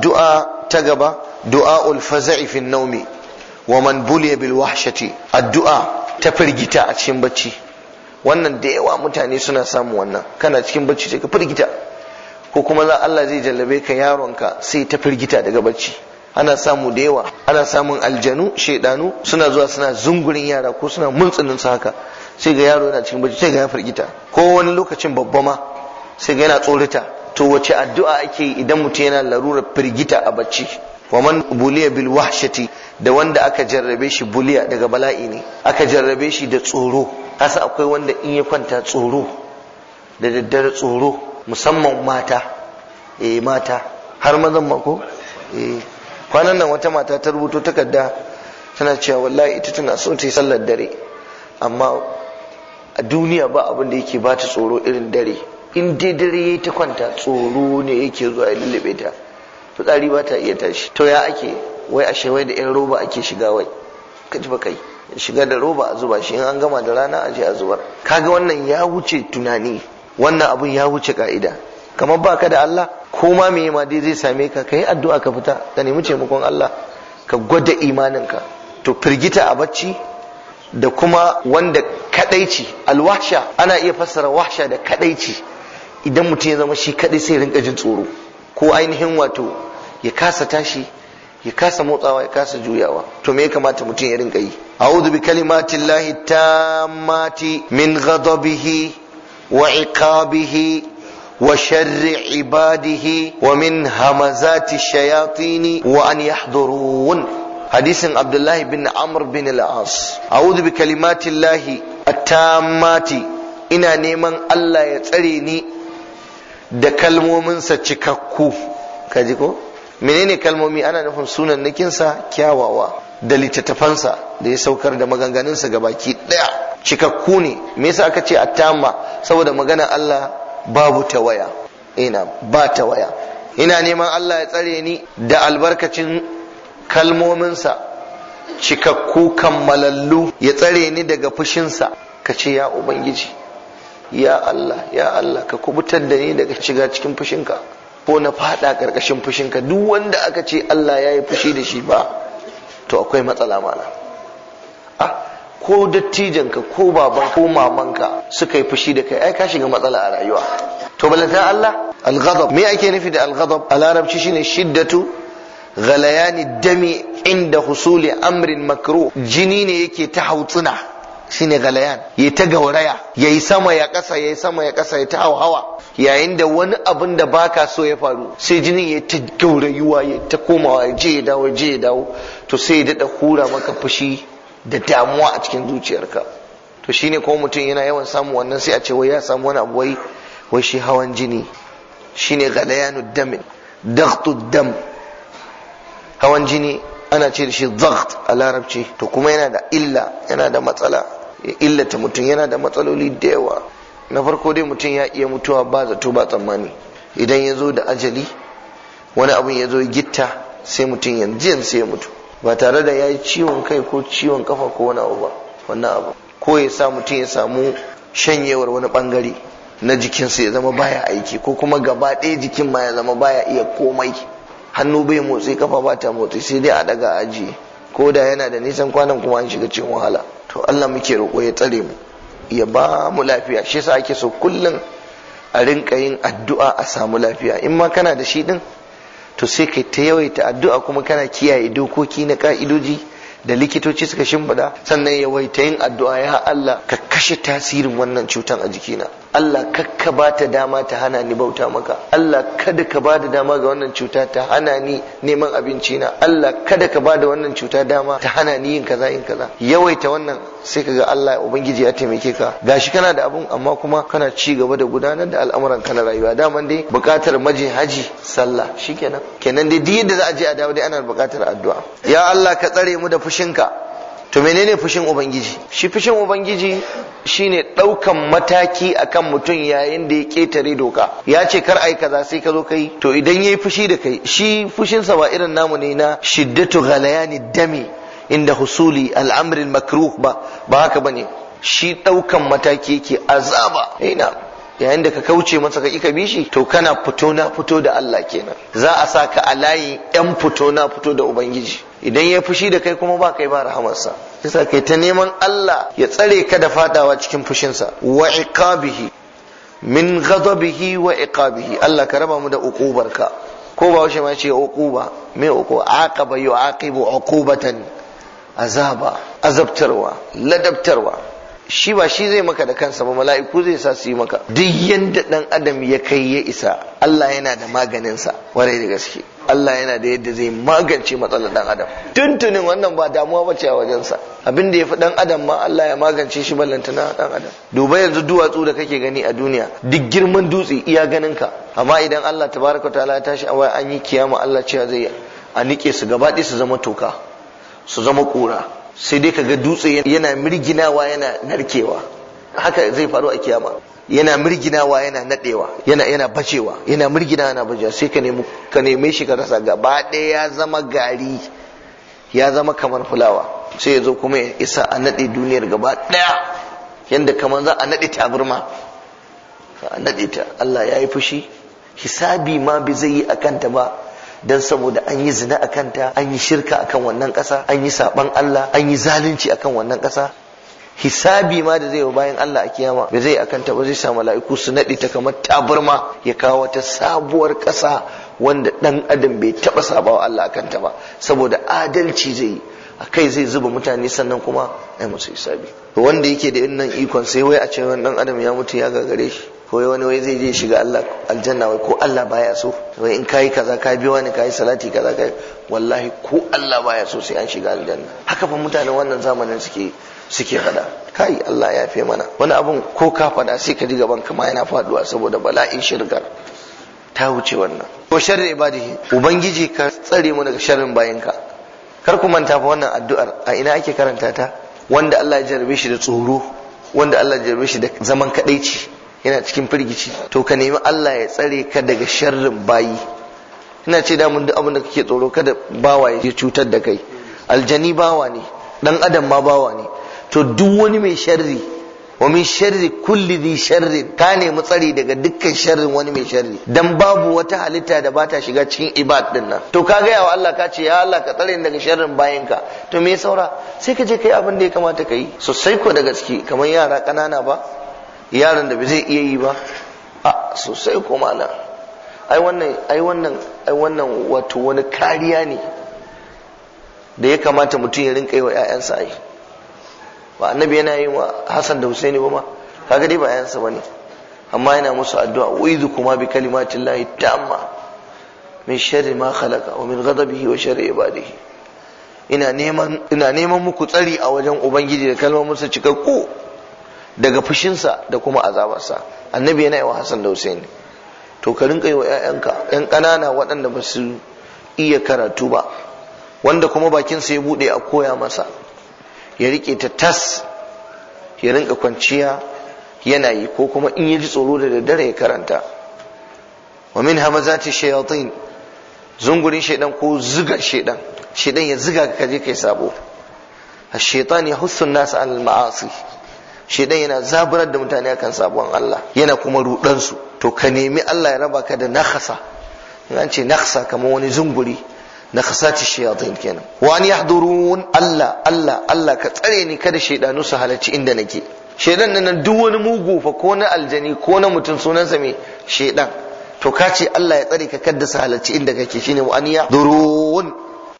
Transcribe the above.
addu'a ta gaba du'a'ul faza'i fi naumi wa man buliya bil wahshati addu'a ta firgita a cikin bacci wannan da yawa mutane suna samun wannan kana cikin bacci sai ka firgita ko kuma za Allah zai jallabe ka yaronka sai ta firgita daga bacci ana samu da yawa ana samun aljanu shaidanu suna zuwa suna zungurin yara ko suna muntsinin su haka sai ga yaro yana cikin bacci sai ga ya firgita ko wani lokacin babba ma sai ga yana tsorata. to wace addu'a ake yi idan mutum yana larurar firgita a bacci waman buliya bil wahshati da wanda aka jarrabe shi buliya daga bala'i ne aka jarrabe shi da tsoro kasa akwai wanda in ya kwanta tsoro da daddare tsoro musamman mata eh mata har mazan mako eh kwanan nan wata mata ta rubuto takarda tana cewa wallahi ita tana so ta yi sallar dare amma a duniya ba abin da yake ba ta tsoro irin dare in didire ta kwanta tsoro ne yake zuwa ya lullube ta fitsari ba ta iya tashi to ya ake wai a shewai da yan roba ake shiga wai ka ji kai shiga da roba a zuba shi in an gama da rana a je a zubar kaga wannan ya wuce tunani wannan abun ya wuce ka'ida kamar ba ka da Allah ko ma me ma dai zai same ka kai addu'a ka fita ka nemi taimakon Allah ka gwada imaninka to firgita a bacci da kuma wanda kadaici alwahsha ana iya fassara wahsha da kadaici idan mutum ya zama shi kadai sai rinka jin tsoro ko ainihin wato ya kasa tashi ya kasa motsawa ya kasa juyawa to me ya kamata mutum ya rinka yi a'udhu bi kalimatillahi tammati min ghadabihi wa iqabihi wa sharri ibadihi wa min hamazati shayatini wa an yahdurun hadisin abdullahi bin amr bin al-as a'udhu bi kalimatillahi tammati ina neman Allah ya tsare ni da kalmominsa cikakku ka ji ko menene kalmomi ana nufin sunan nakinsa kyawawa da littattafansa da ya saukar da maganganunsa ga baki daya cikakku ne me yasa aka ce attama saboda magana Allah babu ta waya? ina eh, ba ta waya. ina neman Allah ya tsare ni da albarkacin kalmominsa cikakku kammalallu ya tsare ni daga fushinsa ka ce ya ubangiji ya Allah ya Allah ka kubutar da ni daga shiga cikin fushinka ko na fada karkashin fushinka duk wanda aka ce Allah ya yi fushi da shi ba to akwai matsala mana ah ko dattijanka ko baban ko mamanka suka yi fushi da kai ai ka shiga matsala a rayuwa to balanta Allah al-ghadab me ake nufi da al-ghadab a larabci shine shiddatu ghalayani dami inda husuli amrin makruh jini ne yake ta hautsina shine galayan ya ta gauraya ya yi sama ya kasa ya yi sama ya kasa ya ta hawa yayin da wani abin da baka so ya faru sai jinin ya ta gaurayuwa ya ta komawa ya je ya dawo ya je ya dawo to sai ya daɗa hura maka fushi da damuwa a cikin zuciyarka to shine ko mutum yana yawan samun wannan sai a ce wai ya samu wani abu wai wai shi hawan jini shine galayanu dam daghtu dam hawan jini ana ce da shi zagt a larabci to kuma yana da illa yana da matsala illata mutum yana da matsaloli da yawa na farko dai mutum ya iya mutuwa ba zato ba tsammani idan ya zo da ajali wani abin ya zo gitta sai mutum yanzu yanzu sai ya mutu ba tare da ya yi ciwon kai ko ciwon kafa ko wani abu ba wannan abu ko ya sa mutum ya samu shanyewar wani bangare na jikinsa ya zama baya aiki ko kuma gaba ɗaya jikin ma ya zama baya iya komai hannu bai motsi kafa ba ta motsi sai dai a daga ajiye ko da yana da nisan kwanan kuma an shiga cikin wahala to Allah muke roƙo ya tsare mu ya ba mu lafiya shi yasa ake so kullum a rinka yin addu'a a samu lafiya in ma kana da shi din to sai kai ta yawaita addu'a kuma kana kiyaye dokoki na ka'idoji da likitoci suka shimbada sannan yawaita yin addu'a ya Allah ka kashe tasirin wannan cutan a jikina Allah kakka ba ta dama ta hana ni bauta maka Allah kada ka ba da dama ga wannan cuta ta hana ni neman abinci na Allah kada ka ba da wannan cuta dama ta hana ni yin kaza yin kaza yawaita wannan sai kaga Allah ubangiji ya taimake ka gashi kana da abun amma kuma kana ci gaba da gudanar da al'amuran kana rayuwa daman dai bukatar maji haji sallah shikenan kenan dai duk yadda za a je a dawo dai ana bukatar addu'a ya Allah ka tsare mu da fushinka to menene fushin ubangiji shi fushin ubangiji shine daukan mataki akan mutum yayin da ya ketare doka ya ce kar ai kaza sai ka zo kai to idan yayi fushi da kai shi fushinsa ba irin namu ne na shiddatu ghalayani dami inda husuli al'amrin makruh ba ba haka bane shi daukan mataki yake azaba ina yayin da ka kauce masa ka ka bishi? shi to kana fito na fito da Allah kenan za a sa ka a layin yan fito na fito da ubangiji idan ya fushi da kai kuma ba kai ba rahamarsa yasa kai ta neman Allah ya tsare ka da fadawa cikin fushinsa wa iqabihi min ghadabihi wa iqabihi Allah ka raba mu da uqubarka ko ba washe ma ce uquba me uquba aqaba yu'aqibu uqubatan azaba azabtarwa ladabtarwa shi ba shi zai maka da kansa ba mala'iku zai sa su yi maka duk yanda dan adam ya kai ya isa Allah yana da maganinsa warai da gaske Allah yana da yadda zai magance matsalar dan adam tuntunin wannan ba damuwa ba ce a wajensa abin da ya fi dan adam ma Allah ya magance shi ballanta na dan adam duba yanzu duwatsu da kake gani a duniya duk girman dutse iya ganin ka amma idan Allah tabaraka taala ya tashi a waya an yi kiyama Allah cewa zai a nike su gaba su zama toka su zama kura sai dai kaga dutse yana mirginawa yana narkewa haka zai faru a kiyama yana mirginawa yana nadewa yana yana bacewa yana mirgina yana bacewa sai ka nemi ka neme shi ka rasa gaba ɗaya ya zama gari ya zama kamar fulawa sai ya zo kuma ya isa a nade duniyar gaba ɗaya yanda kamar za a nade taburma a nade ta Allah ya yi fushi hisabi ma bi zai yi akan ta ba dan saboda an yi zina a kanta an yi shirka akan wannan ƙasa an yi saban Allah an yi zalunci akan wannan ƙasa hisabi ma da zai wa bayan Allah a kiyama ba zai akan ba zai sa mala'iku su naɗi ta kamar taburma ya kawo wata sabuwar ƙasa wanda dan adam bai taba sabawa Allah akan ta ba saboda adalci zai a kai zai zuba mutane sannan kuma ai musu hisabi wanda yake da innan ikon sai wai a ce wani dan adam ya mutu ya gagare shi ko wani wai zai je shiga Allah aljanna wai ko Allah baya so wai in kai kaza ka bi wani kai salati kaza kai wallahi ko Allah baya so sai an shiga aljanna haka fa mutanen wannan zamanin suke suke faɗa kai Allah ya fi mana wani abun ko ka faɗa sai ka ji gaban kama yana faɗuwa saboda bala'in shirgar ta wuce wannan ko sharri ibadihi ubangiji ka tsare mu daga sharrin bayinka kar ku manta fa wannan addu'ar a ina ake karanta ta wanda Allah ya jarbe shi da tsoro wanda Allah ya jarbe shi da zaman kadaici yana cikin firgici to ka nemi Allah ya tsare ka daga sharrin bayi ina ce da duk abin da kake tsoro kada bawa ya cutar da kai aljani bawa ne dan adam ma bawa ne to duk wani mai sharri wa min sharri kulli dhi sharrin Ta nemi tsari daga dukkan sharrin wani mai sharri dan babu wata halitta da bata shiga cikin ibad din nan to ka gaya wa Allah ka ce ya Allah ka tsare ni daga sharrin bayanka to me saura sai ka je kai abin da ya kamata ka yi sosai ko da gaske kamar yara kanana ba yaran da bai iya yi ba a sosai ko malam ai wannan ai wannan ai wannan wato wani kariya ne da ya kamata mutum ya rinka yi wa 'ya'yansa ai ba annabi yana yin wa Hassan da Husaini ba ma kaga dai ba ba ne. amma yana musu addu'a uidu kuma bi lahi tamma min sharri ma khalaqa wa min ghadabihi wa sharri ibadihi ina neman ina neman muku tsari a wajen ubangiji da kalmominsa cikakku daga fushinsa da kuma azabarsa annabi yana yi wa Hassan da Husaini to ka rinka yi wa 'ya'yanka 'yan ƙanana waɗanda ba su iya karatu ba wanda kuma bakinsa ya buɗe a koya masa ya rike ta tas ya rinka kwanciya yana yi ko kuma in ya ji tsoro da daddare ya karanta wa min hamazati shayatin zungurin shaidan ko zuga shaidan shaidan ya zuga ka kaje kai sabo shaitan ya an-nas al ma'asi shaidan yana zaburar da mutane akan sabon Allah yana kuma rudan su to ka nemi Allah ya raba ka da nakhasa in an ce nakhasa kamar wani zunguri na kasati shayatin kenan ya an yahdurun Allah Allah Allah ka tsare ni kada shaidanu su halarci inda nake shaidan nan duk wani mugu fa ko na aljani ko na mutum sunansa mai shaidan to ka ce Allah ya tsare ka kada su halarci inda kake shine ya an yahdurun